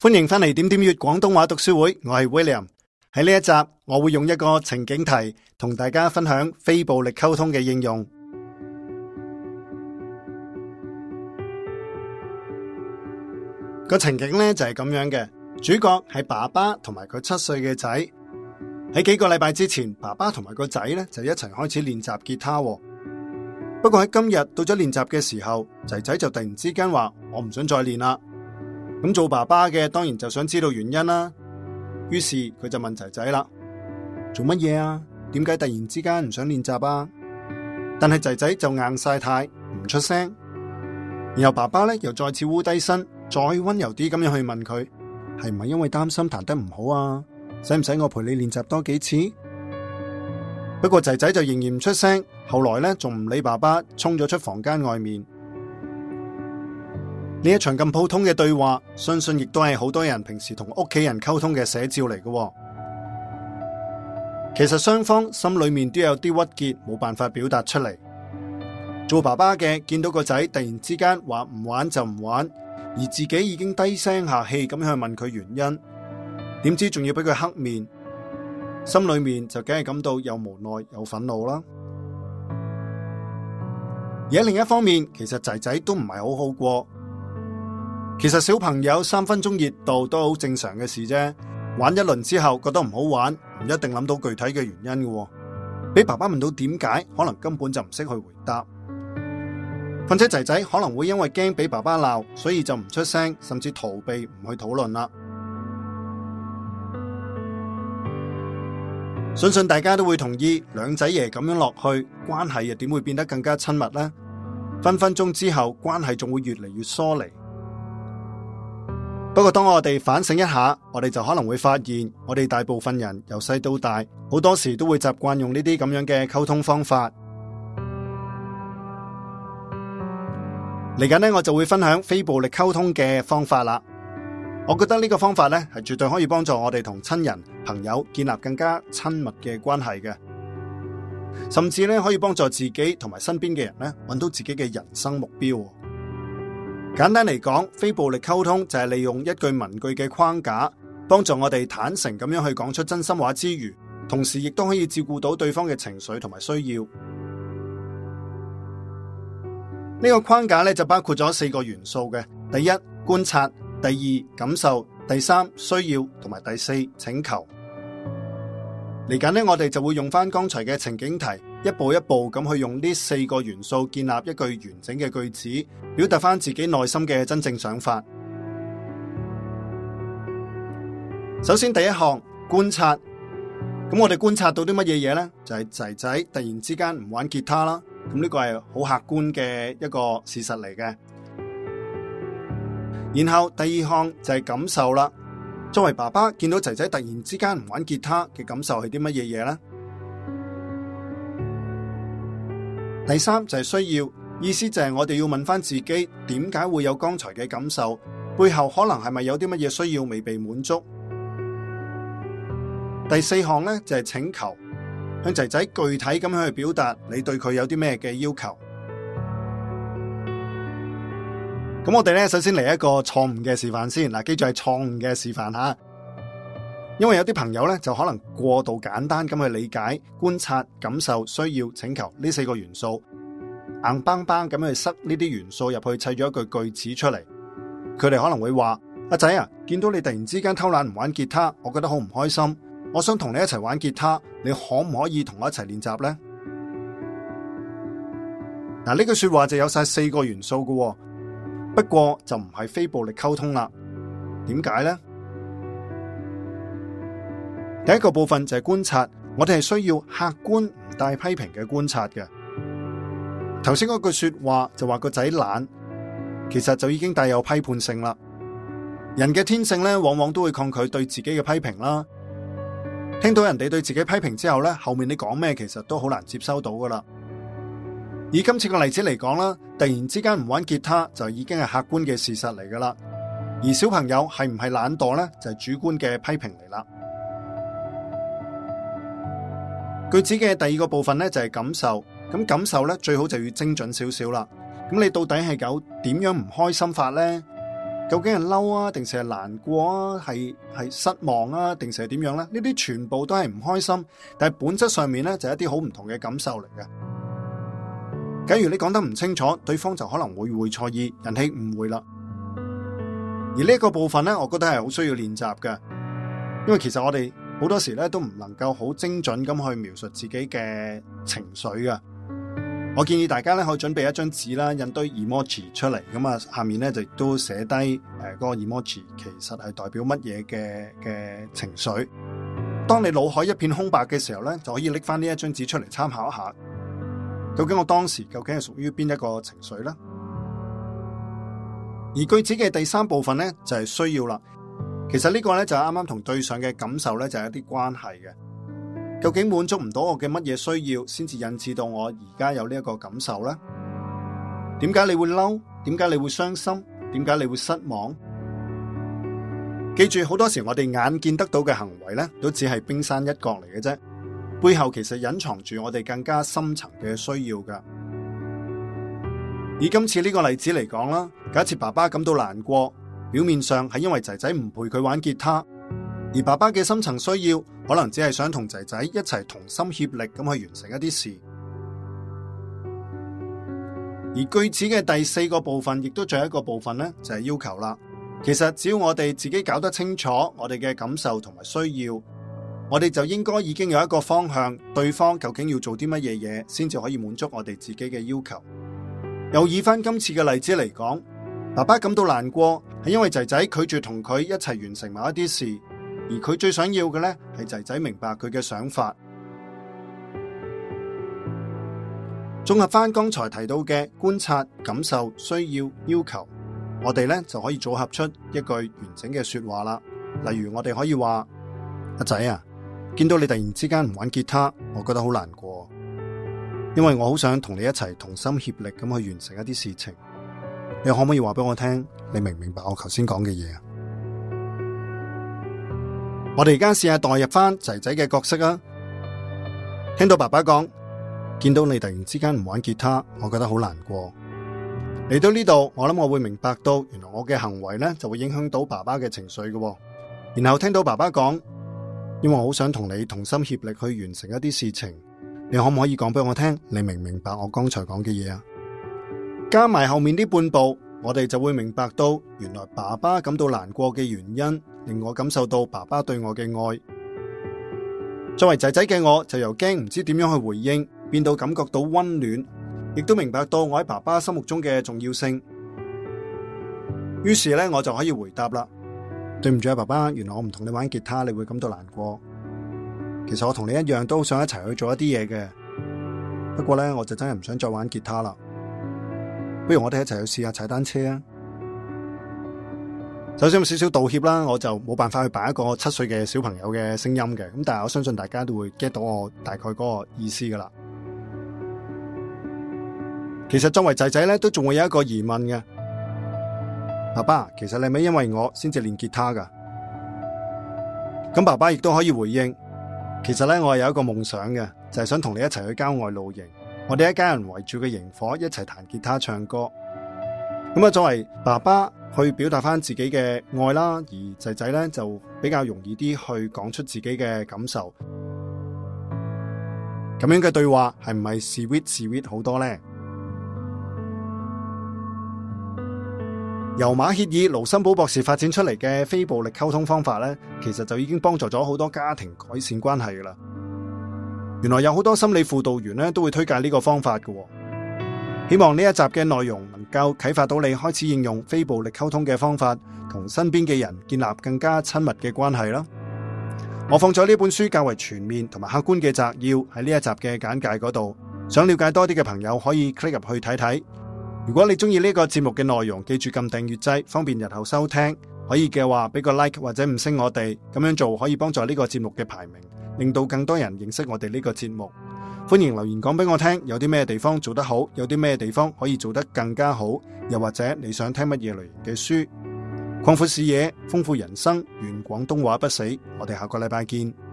歡迎翻嚟《點點粵廣東話讀書會》，我係 William。喺呢一集，我會用一個情景題，同大家分享非暴力溝通嘅應用。個 情景咧，就係咁樣嘅，主角係爸爸同埋佢七歲嘅仔。喺幾個禮拜之前，爸爸同埋個仔咧，就一齊開始練習吉他。不過喺今日到咗練習嘅時候，仔仔就突然之間話：我唔想再練啦。咁做爸爸嘅當然就想知道原因啦，於是佢就問仔仔啦：做乜嘢啊？點解突然之間唔想練習啊？但係仔仔就硬晒太唔出聲，然後爸爸咧又再次烏低身，再温柔啲咁樣去問佢：係唔係因為擔心彈得唔好啊？使唔使我陪你練習多幾次？不過仔仔就仍然唔出聲，後來咧仲唔理爸爸，衝咗出房間外面。呢一場咁普通嘅對話，相信亦都係好多人平時同屋企人溝通嘅寫照嚟嘅。其實雙方心裏面都有啲鬱結，冇辦法表達出嚟。做爸爸嘅見到個仔突然之間話唔玩就唔玩，而自己已經低聲下氣咁樣去問佢原因，點知仲要俾佢黑面，心裏面就梗係感到又無奈又憤怒啦。而喺另一方面，其實仔仔都唔係好好過。其實小朋友三分鐘熱度都好正常嘅事啫，玩一輪之後覺得唔好玩，唔一定諗到具體嘅原因嘅喎。俾爸爸問到點解，可能根本就唔識去回答。況且仔仔可能會因為驚俾爸爸鬧，所以就唔出聲，甚至逃避唔去討論啦。 相信大家都會同意，兩仔爺咁樣落去，關係又點會變得更加親密呢？分分鐘之後，關係仲會越嚟越疏離。不過，當我哋反省一下，我哋就可能會發現，我哋大部分人由細到大，好多時都會習慣用呢啲咁樣嘅溝通方法。嚟緊呢，我就會分享非暴力溝通嘅方法啦。我覺得呢個方法呢，係絕對可以幫助我哋同親人、朋友建立更加親密嘅關係嘅，甚至呢，可以幫助自己同埋身邊嘅人呢，搵到自己嘅人生目標。簡單嚟講，非暴力溝通就係利用一句文句嘅框架，幫助我哋坦誠咁樣去講出真心話之餘，同時亦都可以照顧到對方嘅情緒同埋需要。呢個框架呢，就包括咗四個元素嘅：第一，觀察；第二，感受；第三，需要；同埋第四，請求。嚟緊呢，我哋就會用返剛才嘅情景題。一步一步咁去用呢四個元素建立一句完整嘅句子，表達翻自己內心嘅真正想法。首先第一項觀察，咁我哋觀察到啲乜嘢嘢呢？就係仔仔突然之間唔玩吉他啦。咁呢個係好客觀嘅一個事實嚟嘅。然後第二項就係感受啦。作為爸爸見到仔仔突然之間唔玩吉他嘅感受係啲乜嘢嘢呢？第三就係需要，意思就係我哋要問翻自己，點解會有剛才嘅感受？背後可能係咪有啲乜嘢需要未被滿足？第四項呢，就係請求，向仔仔具體咁樣去表達你對佢有啲咩嘅要求。噉我哋呢，首先嚟一個錯誤嘅示範先，嗱，記住係錯誤嘅示範吓。因為有啲朋友咧，就可能過度簡單咁去理解、觀察、感受、需要、請求呢四個元素，硬邦邦咁去塞呢啲元素入去砌咗一句句子出嚟。佢哋可能會話：「阿仔啊，見到你突然之間偷懶唔玩吉他，我覺得好唔開心。我想同你一齊玩吉他，你可唔可以同我一齊練習呢？」嗱，呢句說話就有晒四個元素㗎，不過就唔係非暴力溝通啦。點解呢？第一個部分就係觀察，我哋係需要客觀唔帶批評嘅觀察嘅。頭先嗰句說話就話個仔懶，其實就已經帶有批判性啦。人嘅天性咧，往往都會抗拒對自己嘅批評啦。聽到人哋對自己批評之後咧，後面你講咩其實都好難接收到噶啦。以今次個例子嚟講啦，突然之間唔玩吉他就已經係客觀嘅事實嚟噶啦，而小朋友係唔係懶惰咧，就係主觀嘅批評嚟啦。句子嘅第二個部分呢，就係感受，咁感受呢，最好就要精準少少啦。咁你到底係有點樣唔開心法呢？究竟係嬲啊，定時係難過啊，係係失望啊，定時係點樣呢？呢啲全部都係唔開心，但係本質上面呢，就係一啲好唔同嘅感受嚟嘅。假如你講得唔清楚，對方就可能會會錯意，引起誤會啦。而呢一個部分呢，我覺得係好需要練習嘅，因為其實我哋。好多時咧都唔能夠好精準咁去描述自己嘅情緒㗎。我建議大家咧可以準備一張紙啦，印堆 emoji 出嚟，咁啊下面咧就亦都寫低誒嗰個 emoji 其實係代表乜嘢嘅嘅情緒。當你腦海一片空白嘅時候咧，就可以拎翻呢一張紙出嚟參考一下，究竟我當時究竟係屬於邊一個情緒咧？而句子嘅第三部分咧就係需要啦。其實呢個咧就啱啱同對上嘅感受咧，就有一啲關係嘅。究竟滿足唔到我嘅乜嘢需要，先至引致到我而家有呢一個感受咧？點解你會嬲？點解你會傷心？點解你會失望？記住，好多時我哋眼見得到嘅行為咧，都只係冰山一角嚟嘅啫。背後其實隱藏住我哋更加深層嘅需要噶。以今次呢個例子嚟講啦，假設爸爸感到難過。表面上係因為仔仔唔陪佢玩吉他，而爸爸嘅深層需要可能只係想同仔仔一齊同心協力咁去完成一啲事。而句子嘅第四個部分，亦都仲有一個部分呢，就係、是、要求啦。其實只要我哋自己搞得清楚我哋嘅感受同埋需要，我哋就應該已經有一個方向，對方究竟要做啲乜嘢嘢，先至可以滿足我哋自己嘅要求。又以翻今次嘅例子嚟講，爸爸感到難過。係因為仔仔拒絕同佢一齊完成某一啲事，而佢最想要嘅呢，係仔仔明白佢嘅想法。綜合翻剛才提到嘅觀察、感受、需要、要求，我哋呢就可以組合出一句完整嘅說話啦。例如，我哋可以話阿仔啊，見到你突然之間唔玩吉他，我覺得好難過，因為我好想同你一齊同心協力咁去完成一啲事情。你可唔可以話俾我聽，你明唔明白我頭先講嘅嘢啊？我哋而家試下代入翻仔仔嘅角色啊！聽到爸爸講，見到你突然之間唔玩吉他，我覺得好難過。嚟到呢度，我諗我會明白到，原來我嘅行為呢就會影響到爸爸嘅情緒嘅。然後聽到爸爸講，因為我好想同你同心協力去完成一啲事情，你可唔可以講俾我聽，你明唔明白我剛才講嘅嘢啊？加埋後面啲半步，我哋就會明白到，原來爸爸感到難過嘅原因，令我感受到爸爸對我嘅愛。作為仔仔嘅我，就由驚唔知點樣去回應，變到感覺到温暖，亦都明白到我喺爸爸心目中嘅重要性。於是呢，我就可以回答啦：對唔住啊，爸爸，原來我唔同你玩吉他，你會感到難過。其實我同你一樣都想一齊去做一啲嘢嘅，不過呢，我就真係唔想再玩吉他啦。不如我哋一齊去試下踩單車啊！首先有少少道歉啦，我就冇辦法去扮一個七歲嘅小朋友嘅聲音嘅，咁但係我相信大家都會 get 到我大概嗰個意思噶啦。其實作為仔仔咧，都仲會有一個疑問嘅，爸爸，其實你咪因為我先至練吉他噶？咁爸爸亦都可以回應，其實咧我係有一個夢想嘅，就係想同你一齊去郊外露營。我哋一家人圍住個營火，一齊彈吉他、唱歌。咁啊，作為爸爸去表達翻自己嘅愛啦，而仔仔呢，就比較容易啲去講出自己嘅感受。咁樣嘅對話係唔係 sweet sweet 好多呢？由馬歇爾盧森堡博士發展出嚟嘅非暴力溝通方法呢，其實就已經幫助咗好多家庭改善關係噶啦。原來有好多心理輔導員咧都會推介呢個方法嘅，希望呢一集嘅內容能夠啟發到你，開始應用非暴力溝通嘅方法，同身邊嘅人建立更加親密嘅關係啦。我放咗呢本書較為全面同埋客觀嘅摘要喺呢一集嘅簡介嗰度，想了解多啲嘅朋友可以 click 入去睇睇。如果你中意呢個節目嘅內容，記住撳訂閱掣，方便日後收聽。可以嘅話俾個 like 或者唔星我哋，咁樣做可以幫助呢個節目嘅排名。令到更多人認識我哋呢個節目，歡迎留言講俾我聽，有啲咩地方做得好，有啲咩地方可以做得更加好，又或者你想聽乜嘢類型嘅書，擴闊視野，豐富人生，願廣東話不死。我哋下個禮拜見。